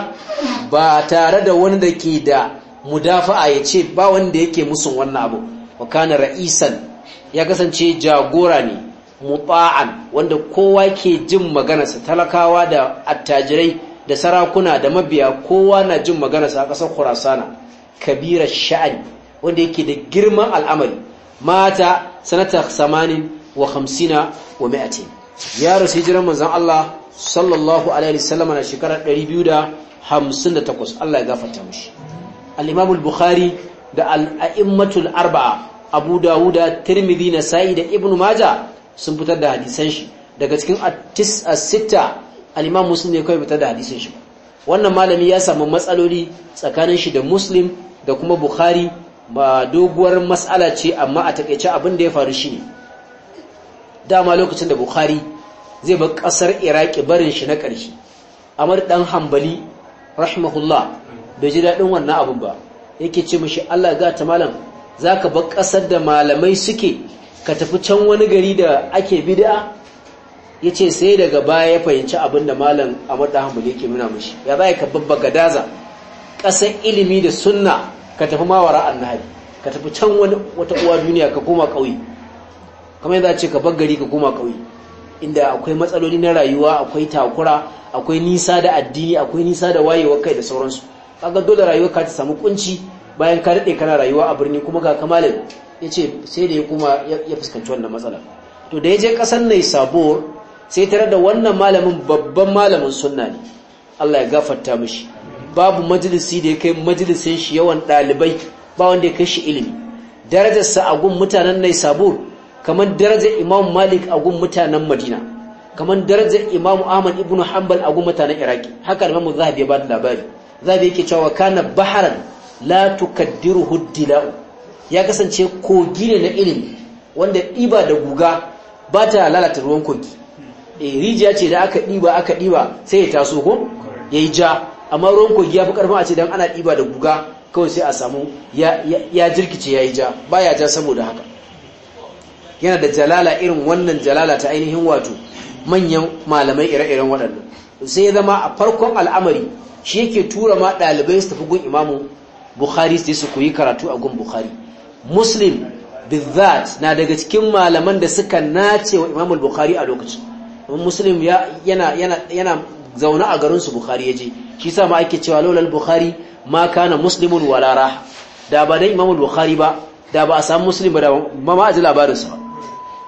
ba tare da wani da ke da mudafa'a ya ce ba wanda yake musu wannan abu wa ra'isan ya kasance jagora ne mutsa'an wanda kowa ke jin maganarsa talakawa da attajirai da sarakuna da mabiya kowa na jin maganarsa a ƙasar Khurasana kabira sha'ani wanda yake da girman al'amari mata sanata samanin wa hamsina wa mi'atin ya rasu hijiran manzon Allah sallallahu alaihi wasallam na shekarar 258 Allah ya gafarta mishi al-Imam al-Bukhari da al-a'immatul arba'a Abu Dawuda Tirmidhi sa'ida da Ibn Majah sun fitar da hadisan shi daga cikin at-tis as-sitta al-Imam Muslim ne kai fitar da hadisan shi wannan malami ya samu matsaloli tsakanin shi da Muslim da kuma Bukhari ba doguwar mas'ala ce amma a takeice abin da ya faru ne. dama lokacin da bukhari zai bar kasar iraki barin shi na ƙarshe amur ɗan hambali rahimahullah bai ji daɗin wannan abin ba yake ce mashi allah ga ta malam za ka bar kasar da malamai suke ka tafi can wani gari da ake bida ya ce sai daga baya ya fahimci abin da malam amur ɗan hambali yake nuna mashi ya za ka babba daza. ƙasar ilimi da sunna ka tafi mawara annahari ka tafi can wata uwa duniya ka koma ƙauye kamar yadda a ce ka bar gari ka koma ƙauye inda akwai matsaloli na rayuwa akwai takura akwai nisa da addini akwai nisa da wayewa kai da sauransu kaga dole rayuwa ka ta samu kunci bayan ka daɗe kana rayuwa a birni kuma ga kamalin ya ce sai da ya kuma ya fuskanci wannan matsala to da ya je ƙasar nai sabuwar sai tare da wannan malamin babban malamin sunna ne allah ya gafarta mishi babu majalisi da ya kai majalisin shi yawan ɗalibai ba wanda ya kai shi ilimi darajarsa a gun mutanen nai sabuwar kamar darajar imam malik a gun mutanen madina kamar darajar imam ahmad ibn hanbal a gun mutanen iraki haka mamu zahabi ya ba da labari zahabi yake cewa kana baharan la tukaddiru dila'u ya kasance kogi ne na ilimi wanda ɗiba da guga ba ta lalata ruwan kogi e rijiya ce da aka ɗiba aka ɗiba sai ya taso ko ya yi ja amma ruwan kogi ya fi karfi a ce don ana ɗiba da guga kawai sai a samu ya jirkice ya yi ja ba ya ja saboda haka yana da jalala irin wannan jalala ta ainihin wato manyan malamai ire-iren waɗannan sai ya zama a farkon al'amari shi yake tura ma ɗalibai su tafi gun imamu bukhari su su koyi karatu a gun bukhari muslim bizzat na daga cikin malaman da suka nace wa imamu bukhari a lokacin muslim yana zaune a garinsu bukhari ya je shi sa ma ake cewa laulal bukhari ma kana muslimun walara da ba dan imamu bukhari ba da ba a samu muslim ba da ma a ji labarinsa ba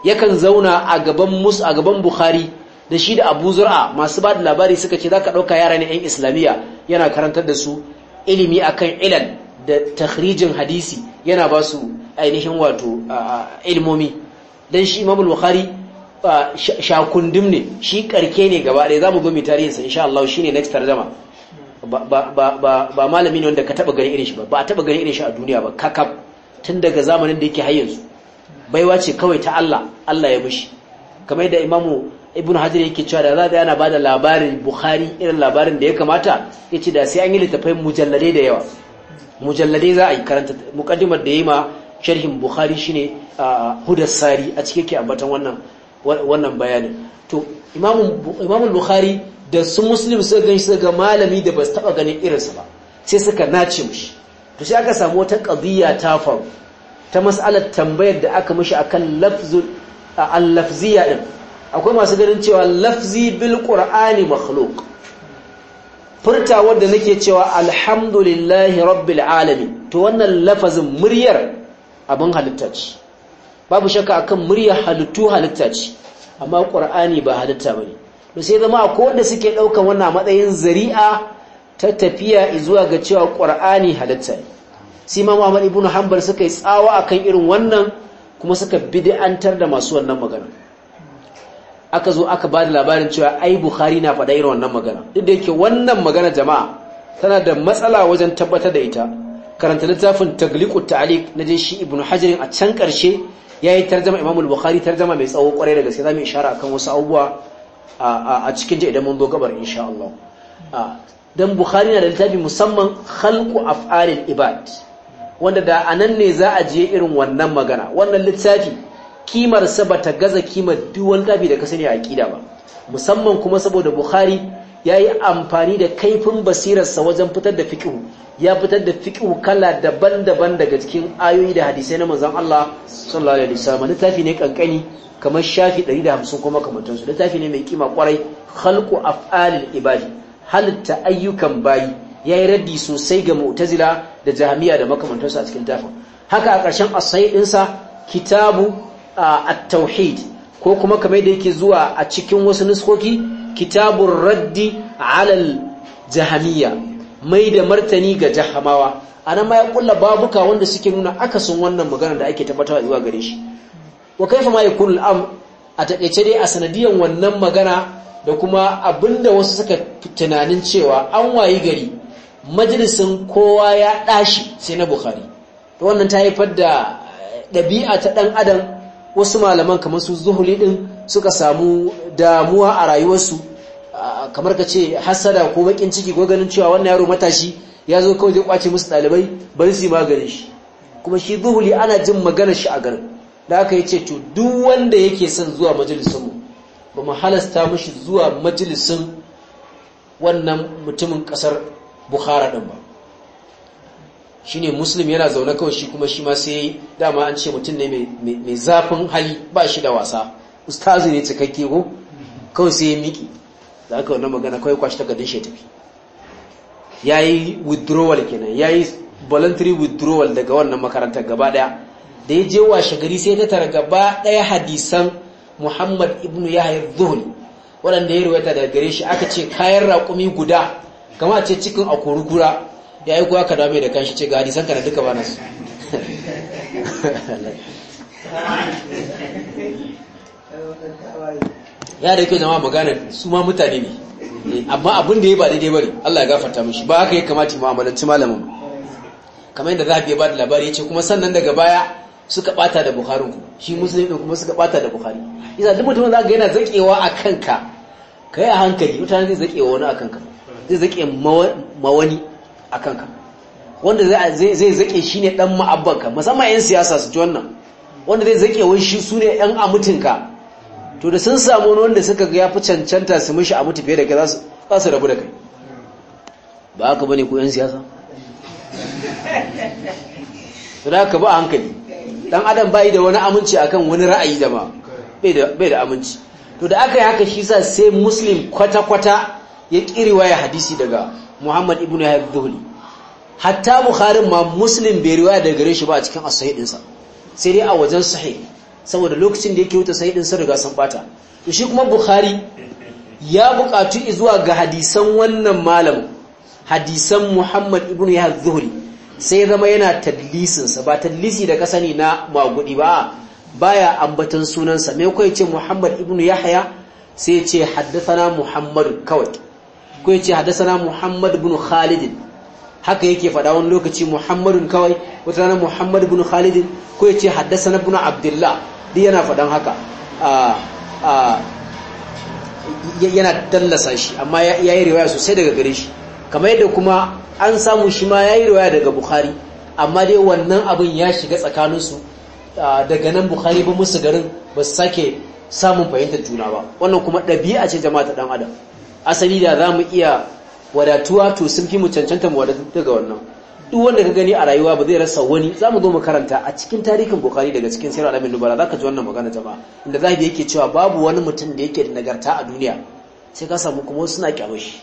yakan zauna a gaban mus a gaban bukhari da shi da abu zur'a masu ba da labari suka ce za ka ɗauka yara ne 'yan islamiyya yana karantar da su ilimi a kan ilal da takhrijin hadisi yana ba su ainihin wato ilmomi don shi imamul bukhari shakundum ne shi karke ne gaba ɗaya za mu gomi tarihinsa insha Allah shi ne next tarjama ba malami ne wanda ka taɓa gani irin shi ba ba a taɓa gani irin shi a duniya ba kakab tun daga zamanin da yake hayyansu baiwa ce kawai ta Allah Allah ya mishi kamar da imamu ibn hajar yake cewa da zaɓi yana ba da labarin bukhari irin labarin da ya kamata ya ce da sai an yi littafai mujallade da yawa mujallade za a yi karanta mukaddimar da ya yi ma sharhin bukhari shine hudar sari a cike ke ambatan wannan wannan bayanin to imamun bukhari da su muslim suka gani suka ga malami da ba su taɓa ganin irinsa ba sai suka nace mushi to sai aka samu wata kaziyya ta faru ta mas'alar tambayar da aka mishi akan lafzul al-lafziya din akwai masu ganin cewa lafzi bil qur'ani makhluq furta wanda nake cewa alhamdulillahi rabbil alamin to wannan lafazin muryar abin halitta ce babu shakka akan muryar halittu halitta ce amma qur'ani ba halitta bane to sai zama akwai wanda suke daukan wannan matsayin zari'a ta tafiya zuwa ga cewa qur'ani halitta ne sai ma Ahmad ibn Hanbal suka yi tsawa akan irin wannan kuma suka bid'antar da masu wannan magana aka zo aka bada labarin cewa ai Bukhari na faɗa irin wannan magana duk da yake wannan magana jama'a tana da matsala wajen tabbatar da ita karanta littafin tagliqut ta'liq na jin shi ibnu hajarin a can karshe yayi tarjuma imam al-bukhari tarjuma mai tsawo kwarai da gaske mu ishara akan wasu abubuwa a cikin je idan mun zo gabar insha Allah dan bukhari na da littafi musamman khalqu af'alil ibad wanda da anan ne za a je irin wannan magana wannan littafi Kimarsa ba bata gaza kimar duk wani da kasani a aqida ba musamman kuma saboda bukhari ya yi amfani da kaifin basirarsa wajen fitar da fiƙi ya fitar da fiƙi kala daban-daban daga cikin ayoyi da hadisai na manzan Allah sallallahu alaihi wasallam littafi ne kankani kamar shafi 150 kuma kamar su littafi ne mai kima kwarai khalqu af'alil ibadi halitta ayyukan bayi ya yi raddi sosai ga mu'tazila da jami'a da makamantarsu a cikin tafin haka a ƙarshen asai ɗinsa kitabu a tauhid ko kuma kamar da yake zuwa a cikin wasu nuskoki kitabun raddi alal jahamiya mai da martani ga jahamawa a nan ma ya babuka wanda suke nuna akasin wannan magana da ake tabbatawa zuwa gare shi wa kaifa ma yakul am a taƙaice dai a sanadiyan wannan magana da kuma abinda wasu suka tunanin cewa an wayi gari majalisin kowa ya ɗashi sai na bukhari to wannan ta haifar da eh, ɗabi'a ta ɗan adam wasu malaman kamar su zuhuli ɗin suka samu damuwa a rayuwarsu kamar ka ce hasada ko bakin ciki ko ganin cewa wannan yaro matashi ya zo kawai zai kwace musu ɗalibai bari su yi maganin shi kuma shi zuhuli ana jin magana shi a garin da aka yi ce to duk wanda yake son zuwa majalisinmu ba mu halasta mashi zuwa majalisin wannan mutumin kasar. bukhara din ba shine muslim yana zaune kawai shi kuma shi ma sai dama an ce mutum ne mai zafin hali ba shi da wasa ustazi ne cikakke ko kawai sai ya miki da aka wannan magana kawai kwashi gadin shi tafi yi withdrawal kenan ya yi voluntary withdrawal daga wannan makarantar gaba daya da ya je wa shagari sai ta tara gaba daya hadisan Muhammad ibnu Yahya Dhuhri waɗanda ya ruwaita daga gare shi aka ce kayan raƙumi guda kama ce cikin a kura ya yi kuwa kada mai da kanshi ce gari san kana duka ba nasu ya da kyau zama magana su ma mutane ne amma abin da ya ba daidai bari Allah ya gafarta mishi ba haka ya kamata mu'amalanci malamin kamar yadda zafi ya ba da labari ya ce kuma sannan daga baya suka bata da buharin ku shi musulmi ɗin kuma suka bata da buhari. isa duk mutum za ga yana zakewa a kanka ka yi a hankali mutane zai zakewa wani a kanka zai zaƙe mawani a kanka wanda zai zaƙe shi ne ɗan ma'abbanka musamman 'yan siyasa su ji wannan wanda zai zaƙe wani shi su ne 'yan amutinka to da sun samu wani wanda suka ya fi cancanta su mishi a mutu fiye da kai za su rabu da kai ba haka ba ne ko 'yan siyasa su da haka ba hankali ɗan adam yi da wani aminci akan wani ra'ayi da ma bai da aminci to da aka yi haka shi sa sai muslim kwata-kwata ya ƙi riwaya hadisi daga Muhammad ibn Yahya Dhuhli hatta Bukharin ma Muslim bai riwaya daga gare shi ba a cikin as dinsa sai dai a wajen sahih saboda lokacin da yake wuta sahih dinsa riga sun bata to shi kuma Bukhari ya bukatu zuwa ga hadisan wannan malam hadisan Muhammad ibn Yahya Dhuhli sai zama yana tadlisinsa ba tadlisi da kasani na magudi ba baya ambatan sunansa me kai ce Muhammad ibn Yahya sai ce haddathana Muhammad kawai ko yace hadasana Muhammad ibn Khalid haka yake faɗa wani lokaci Muhammadun kawai wata rana Muhammad ibn Khalid ko yace hadasana ibn Abdullah duk yana faɗan haka yana dallasa shi amma yayi riwaya sosai daga gare shi kamar yadda kuma an samu shi ma yayi riwaya daga Bukhari amma dai wannan abin ya shiga tsakaninsu daga nan Bukhari ba musu garin ba su sake samun fahimtar juna ba wannan kuma ɗabi'a ce jama'a ta ɗan adam asali da za mu iya wadatuwa to sun fi mu cancanta mu wadatu daga wannan duk wanda ka gani a rayuwa ba zai rasa wani za mu zo mu karanta a cikin tarihin bukari daga cikin sayar alamin nubala za ka ji wannan magana jama'a inda zahibi yake cewa babu wani mutum da yake da nagarta a duniya sai ka samu kuma wasu suna kyawo shi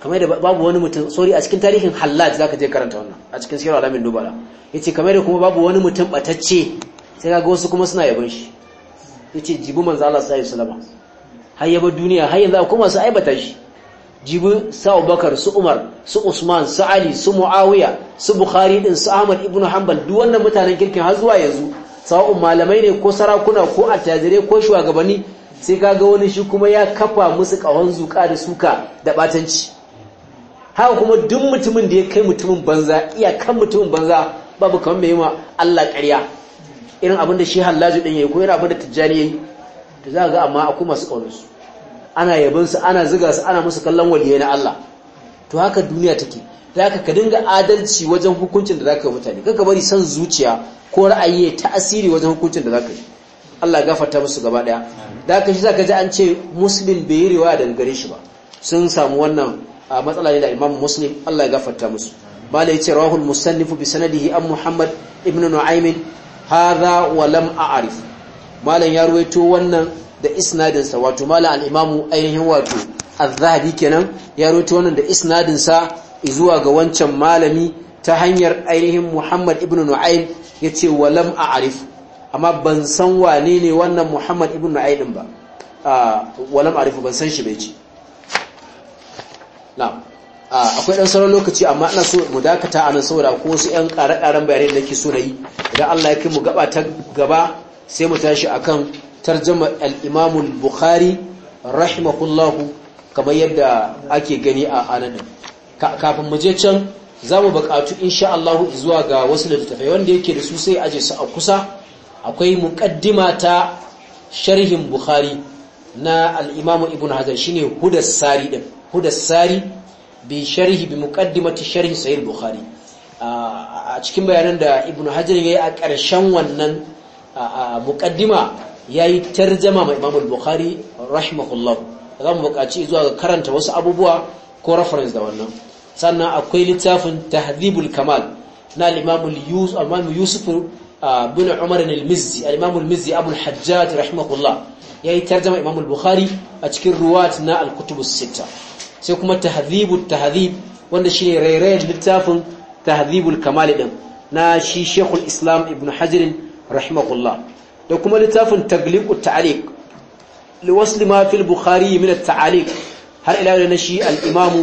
kamar da babu wani mutum sori a cikin tarihin hallaj za ka je karanta wannan a cikin sayar alamin nubala ya ce kamar da kuma babu wani mutum batacce sai ka ga wasu kuma suna yabon shi ya ce jibi manzo Allah sallallahu alaihi wasallam har yaba duniya har yanzu akwai masu aibata shi jibi sa'u bakar su Umar su Usman su Ali su Muawiya su Bukhari din su Ahmad ibnu Hanbal duk wannan mutanen kirkin har zuwa yanzu sa'u malamai ne ko sarakuna ko attajire ko shugabanni sai kaga wani shi kuma ya kafa musu kahon zuka da suka da batanci haka kuma duk mutumin da ya kai mutumin banza iyakan mutumin banza babu kamar mai ma Allah ƙarya irin abin da shi Hallaju din yayi ko irin abin da Tijjani yayi da za ga amma akwai masu kaunarsu ana su ana ziga su ana musu kallon waliyai na Allah to haka duniya take da haka ka dinga adalci wajen hukuncin da zaka yi mutane kanka bari san zuciya ko ra'ayi ta asiri wajen hukuncin da zaka yi Allah gafarta musu gaba daya da haka shi zaka ji an ce muslim bai yi da daga gare shi ba sun samu wannan matsala ne da imam muslim Allah ya gafarta musu bala yace rawahul musannifu bi sanadihi an muhammad ibn nu'aym hadha wa lam a'rif malan ya ruwaito wannan da isnadinsa wato mala al'imamu ainihin wato al-zahabi kenan ya roto wannan da isnadinsa zuwa ga wancan malami ta hanyar ainihin muhammad ibn nu'aym ya ce walam a arif amma ban san wane ne wannan muhammad ibn nu'aym ba walam arif ban san shi bai ce. akwai ɗan sauran lokaci amma ina so mu dakata a nan saboda ko wasu 'yan ƙare-ƙaren bayanai da nake so na yi idan allah ya kai mu gaba ta gaba sai mu tashi akan tarjama al-imamul bukhari rahimahullahu kamar yadda ake gani a anan kafin muje can za mu buƙatu insha Allah zuwa ga wasu littattafai wanda yake da su sai aje su a kusa akwai muqaddima ta sharhin bukhari na al ibn hajar shine hudas sari bi sharhi bi bukhari a cikin bayanan da ibn hajar yayi a ƙarshen wannan muqaddima yayi tarjama ma Imam al-Bukhari rahimahullah za mu buƙaci zuwa ga karanta wasu abubuwa ko reference da wannan sannan akwai littafin Tahdhibul Kamal na al-Imam Yusuf ah, bin Umar al-Mizzi al-Imam mizzi Abu hajjaj rahimahullah yayi tarjama imamul al-Bukhari a cikin ruwat na al kutubus as sai kuma Tahdhibut Tahdhib wanda shine rairayin littafin Tahdhibul Kamal din na shi Sheikhul Islam Ibn Hajar rahimahullah da kuma littafin tagliqu ta'liq liwasl ma fil bukhari min at-ta'liq har ila da shi al-imam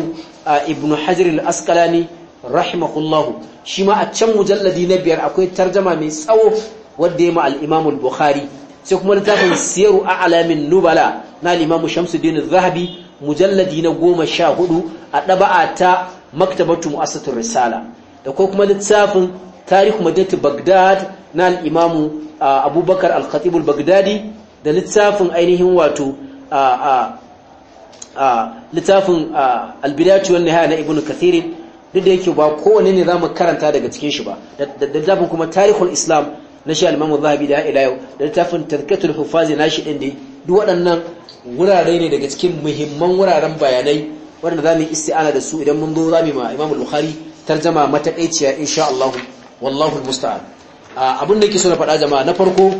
ibn hajar al-asqalani rahimahullahu shi ma a can mujalladi na biyar akwai tarjama mai tsawo wadda ya ma al-imam al-bukhari sai kuma littafin siyaru a'lamin nubala na al-imam shamsuddin az-zahabi mujalladi na goma sha hudu a ɗaba'a ta maktabatu mu'assatur risala da kuma littafin tarihu madinatu bagdad na al'imamu abubakar al-khatibul bagdadi da littafin ainihin wato littafin albidatu nihaya na ibn kathirin duk da yake ba kowane ne za mu karanta daga cikin shi ba da littafin kuma tarihul islam na shi al-imamu zahabi da ila yau da littafin tarkatul hufazi na shi ɗin duk waɗannan wurare ne daga cikin muhimman wuraren bayanai waɗanda za mu yi isti'ana da su idan mun zo za mu yi ma imamu bukhari tarjama matakaiciya insha Allah wallahu musta'an abin da ke so na faɗa jama'a na farko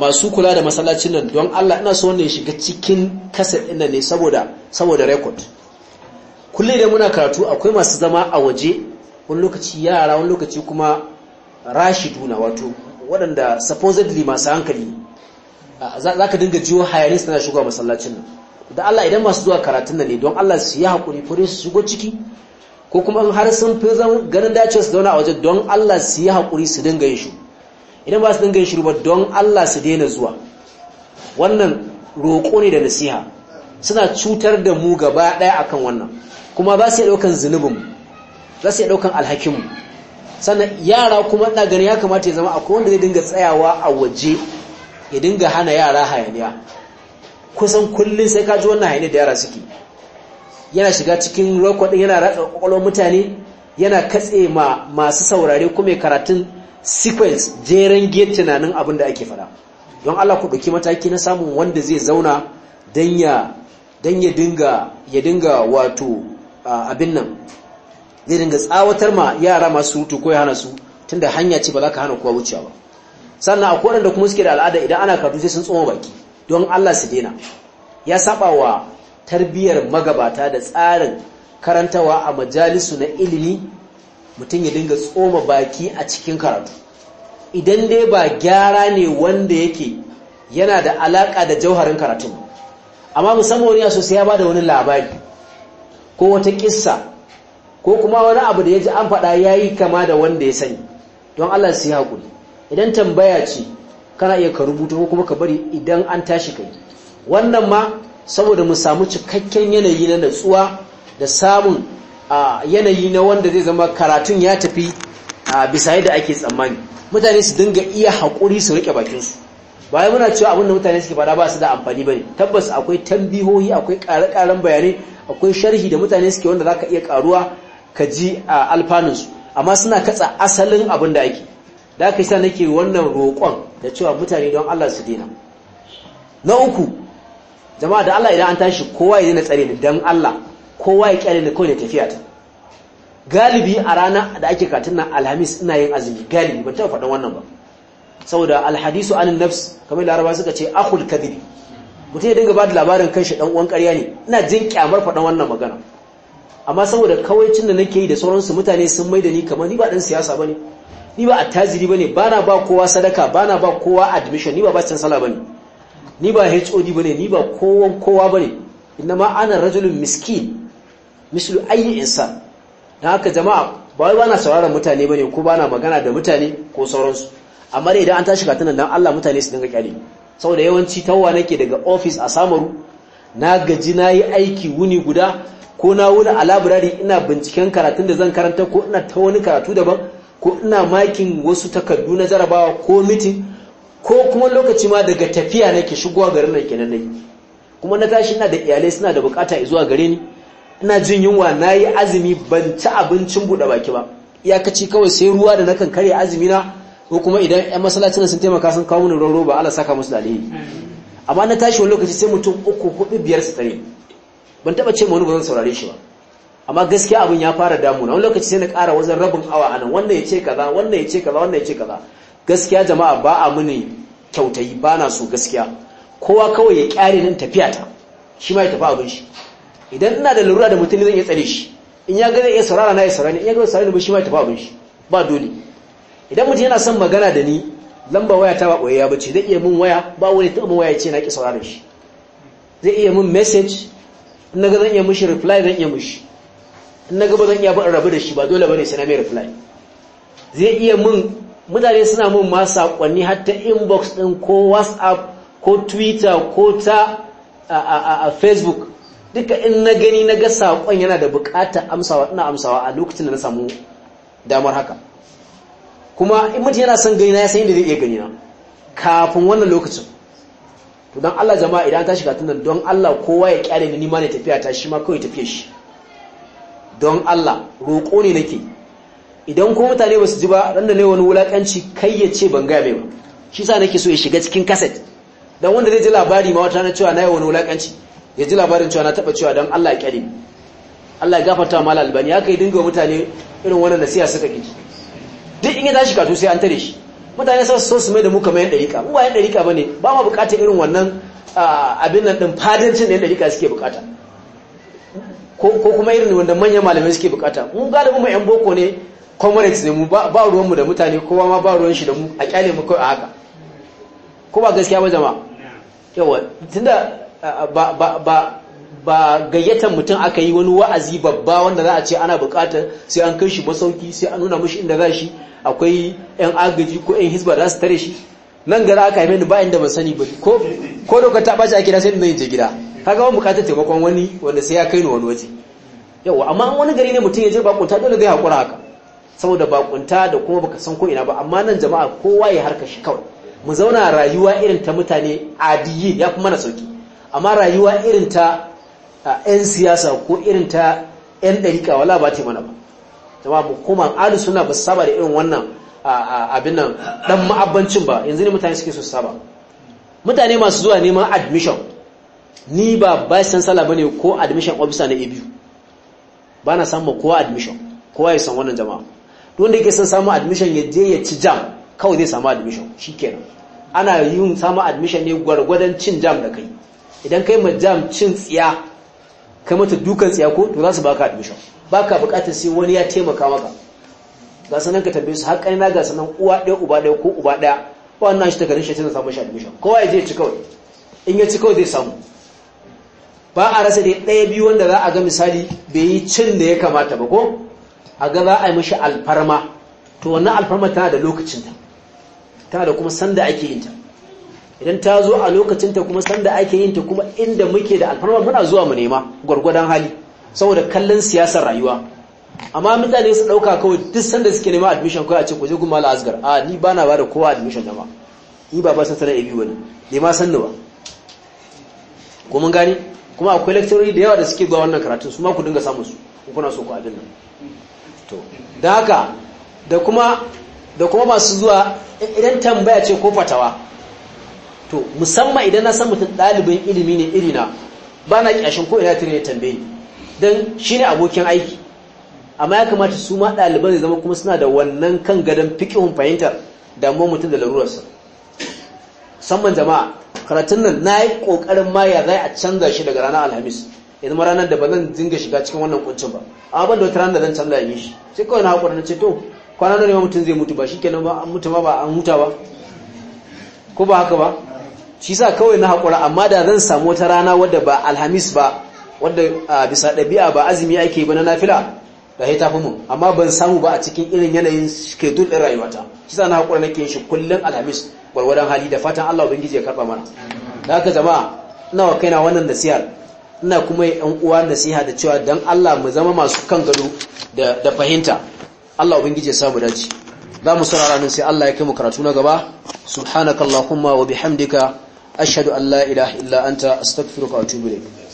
masu kula da masallacin nan don Allah ina so wannan shiga cikin kasar ɗin ne saboda saboda record kulle da muna karatu akwai masu zama a waje wani lokaci yara wani lokaci kuma rashiduna wato waɗanda supposedly masu hankali za ka dinga jiwo hayanin suna shigowa masallacin nan da Allah idan masu zuwa karatun nan ne don Allah su yi haƙuri fure su shigo ciki ko kuma in har sun fi zan ganin dacewa su zauna a waje don Allah su yi haƙuri su dinga yin shi idan ba su dinga yin shiru ba don Allah su daina zuwa wannan roƙo ne da nasiha suna cutar da mu gaba ɗaya akan wannan kuma ba su iya ɗaukan zunubinmu za su iya ɗaukan alhakinmu sannan yara kuma ina gani ya kamata ya zama akwai wanda zai dinga tsayawa a waje ya dinga hana yara hayaniya kusan kullum sai ka ji wannan hayaniya da yara suke yana shiga cikin record din yana ratsa kwakwalwar mutane yana katse ma masu saurare kuma karatun sequence jeren gate tunanin abin da ake fada don Allah ku ɗauki mataki na samun wanda zai zauna don ya dinga ya dinga wato abin nan zai dinga tsawatar ma yara masu hutu ko ya hana su tunda hanya ce ba za ka hana kowa wucewa ba sannan akwai waɗanda kuma suke da al'ada idan ana karatu sai sun tsoma baki don Allah su daina ya saba wa tarbiyyar magabata da tsarin karantawa a majalisu na ilimi mutum ya dinga tsoma baki a cikin karatu idan dai ba gyara ne wanda yake yana da alaka da jauharin karatun amma musamman wani yaso sai ya bada wani labari ko wata kissa ko kuma wani abu da ya ji an faɗa ya yi kama da wanda ya sani don Allah su yi haƙuri idan tambaya ce kana iya ka rubuta ko kuma ka bari idan an tashi kai wannan ma saboda mu samu cikakken yanayi na natsuwa da samun yanayi na wanda zai zama karatun ya tafi bisa yadda ake tsammani mutane su dinga iya haƙuri su rike bakinsu bayan muna cewa abinda mutane suke fada ba su da amfani ba ne. tabbas akwai tambihohi akwai ƙare-ƙaren bayanai akwai sharhi da mutane suke wanda za ka iya ƙaruwa ka ji a alfanunsu amma suna katsa asalin abin da ake da aka yi sa nake wannan roƙon da cewa mutane don Allah su dena na uku jama'a da Allah idan an tashi kowa ya tsare ni dan Allah kowa ya kyale ni kawai ya tafiya ta galibi a rana da ake katin nan alhamis ina yin azumi galibi ban taɓa faɗin wannan ba saboda alhadisu anin nafs kamar laraba suka ce akhul kadhibi mutum ya dinga ba da labarin kanshi dan uwan ƙarya ne ina jin kyamar faɗan wannan magana amma saboda kawaicin da nake yi da sauransu mutane sun mai da ni kamar ni ba dan siyasa bane ni ba attajiri bane bana ba kowa sadaka ba na ba kowa admission ni ba bacin sallah ne. ni ba hod bane ni ba kowan kowa bane ma ana rajulun miskin mislu ayi insan dan haka jama'a ba wai bana sauraron mutane bane ko bana magana da mutane ko sauransu amma dai idan an tashi katunan dan Allah mutane su dinga kyale saboda yawanci tawwa nake daga ofis a samaru na gaji nayi aiki wuni guda ko na wuni a library ina binciken karatun da zan karanta ko ina ta wani karatu daban ko ina makin wasu takardu na jarabawa ko mitin. ko kuma lokaci ma daga tafiya nake shigowa garin nan kenan nake kuma na tashi ina da iyalai suna da bukata zuwa gare ni ina jin yunwa nayi azumi ban ci abincin bude baki ba iyakaci kawai sai ruwa da nakan kare azumi na ko kuma idan ƴan masallacin sun taimaka sun kawo mini ruwan roba Allah saka musu da alheri amma na tashi wani lokaci sai mutum uku hudu biyar su tare ban taba ce wani ba saurare shi ba amma gaskiya abin ya fara damu na. wani lokaci sai na kara wajen rabin awa anan wannan ya ce kaza wannan ya ce kaza wannan ya ce kaza gaskiya jama'a ba a mini kyautai ba na so gaskiya kowa kawai ya kyare nan tafiya ta shi ma ya tafi abin shi idan ina da lura da mutum zan iya tsare shi in ya gane ya saurara na ya saurara in ya gane saurara ne shi ma ya tafi abin shi ba dole idan mutum yana son magana da ni lamba waya ta ba koyayya ce zai iya min waya ba wani ta min waya ce na ki saurara shi zai iya min message in ga zan iya mishi reply zan iya mishi in ga ba zan iya ba rabu da shi ba dole bane sai na mai reply zai iya min mutane suna mun ma saƙonni hatta inbox ɗin ko whatsapp ko twitter ko ta a facebook duka in na gani na ga saƙon yana da buƙatar amsawa ina amsawa a lokacin da na samu damar haka kuma in mutum yana son gani na ya san inda zai iya gani na kafin wannan lokacin to don Allah jama'a idan ta shiga tunan don Allah kowa ya kyale ni ma ne tafiya ta shi ma kawai tafiya shi don Allah roƙo ne nake idan ko mutane ba su ji ba ran ne wani wulakanci kai ya ce ban gaya mai ba shi sa nake so ya shiga cikin kaset don wanda zai ji labari ma wata na cewa na yi wani wulakanci ya ji labarin cewa na taba cewa dan Allah ya kyale Allah ya gafarta mal albani ya kai dinga mutane irin wannan nasiya suka gidi duk in ya tashi kato sai an tare shi mutane sa su so su mai da mu kamar yan dariƙa mu ba yan ba bane ba ma bukatar irin wannan abin nan din fadancin da yan dariƙa suke bukata ko kuma irin wanda manyan malamai suke bukata mu galibin mu yan boko ne comrades ne mu ba ruwanmu da mutane kowa ma ba ruwan shi da mu a kyale mu kawai a haka ko ba gaskiya ba jama'a yawa tunda ba ba gayyatar mutum aka yi wani wa'azi babba wanda za a ce ana bukatar sai an kai shi masauki sai an nuna mashi inda za shi akwai 'yan agaji ko 'yan hisba za su tare shi nan gara aka yi ni bayan da ban sani ba ko ko doka ta bace a gida sai na je gida kaga wani bukatar taimakon wani wanda sai ya kai ni wani waje yawa amma wani gari ne mutum ya je ba ta dole zai haƙura haka saboda bakunta da kuma baka san ko ina ba amma nan jama'a kowa ya harka shi kawai mu zauna rayuwa irin ta mutane adiyi ya kuma na sauki amma rayuwa irin ta yan siyasa ko irin ta yan dariƙa wala ba ta mana ba jama'a mu kuma alu suna ba saba da irin wannan abin nan dan ma'abbancin ba yanzu ne mutane suke so saba mutane masu zuwa neman admission ni ba vice sala bane ko admission officer na ABU ba na ma kowa admission kowa ya san wannan jama'a wanda yake son samu admission ya je ya ci jam kawai zai samu admission kenan ana yin samu admission ne gwargwadon cin jam da kai idan kai ma jam cin tsiya kai mata dukan tsiya ko to za su baka admission baka bukatar sai wani ya taimaka maka ga sanan ka tambaye su har kaina ga sanan uwa ɗaya uba ɗaya ko uba ɗaya wannan shi garin shi samu shi admission kowa ya je ci kawai in ya ci kawai zai samu ba a rasa dai ɗaya biyu wanda za a ga misali bai yi cin da ya kamata ba ko a ga za a yi mashi alfarma to wannan alfarma tana da lokacinta tana da kuma sanda ake yinta idan ta zo a lokacinta kuma sanda ake yinta kuma inda muke da alfarma muna zuwa mu nema gwargwadon hali saboda kallon siyasar rayuwa amma mutane su dauka kawai duk sanda suke nema admission kawai a ce kuje je kuma asgar a ah, ni ba na ba da kowa admission dama ni ba ba san sanar ibi wani ne ma san ba ko mun gane kuma akwai lecturer da yawa da suke zuwa wannan karatun su ma ku dinga samun su kuna so ku abin nan to da haka da kuma da kuma masu zuwa idan tambaya ce ko fatawa to musamman idan na san mutum ɗalibin ilimi ne irina ba na ƙyashin ko ina tare ya tambaye ni don shi abokin aiki amma ya kamata su ma ɗaliban zai zama kuma suna da wannan kan gadon fikihun fahimtar mu mutum da larurarsa musamman jama'a karatun nan na yi ƙoƙarin ma ya zai a canza shi daga ranar alhamis ya zama ranar da ba zan dinga shiga cikin wannan kuncin ba a ban da wata ranar da zan canza yi shi sai kawai na haƙura na ce to kwana da ne mutum zai mutu ba shi kenan ba an mutu ba ba an huta ba ko ba haka ba shi sa kawai na haƙura amma da zan samu wata rana wadda ba alhamis ba wadda bisa ɗabi'a ba azumi ake ba na nafila da ya tafi mun amma ban samu ba a cikin irin yanayin schedule ɗin rayuwata shi sa na haƙura nake ke shi kullum alhamis gwargwadon hali da fatan Allah ubangiji ya karɓa mana da haka jama'a ina wa kaina wannan nasihar ina kuma yan uwa nasiha da cewa dan Allah mu zama masu kan gado da fahimta Allah ubangije ya samu dace za mu saurara nan sai Allah ya kai mu karatu na gaba subhanakallahumma wa bihamdika ashhadu an la ilaha illa anta astaghfiruka wa atubu ilayk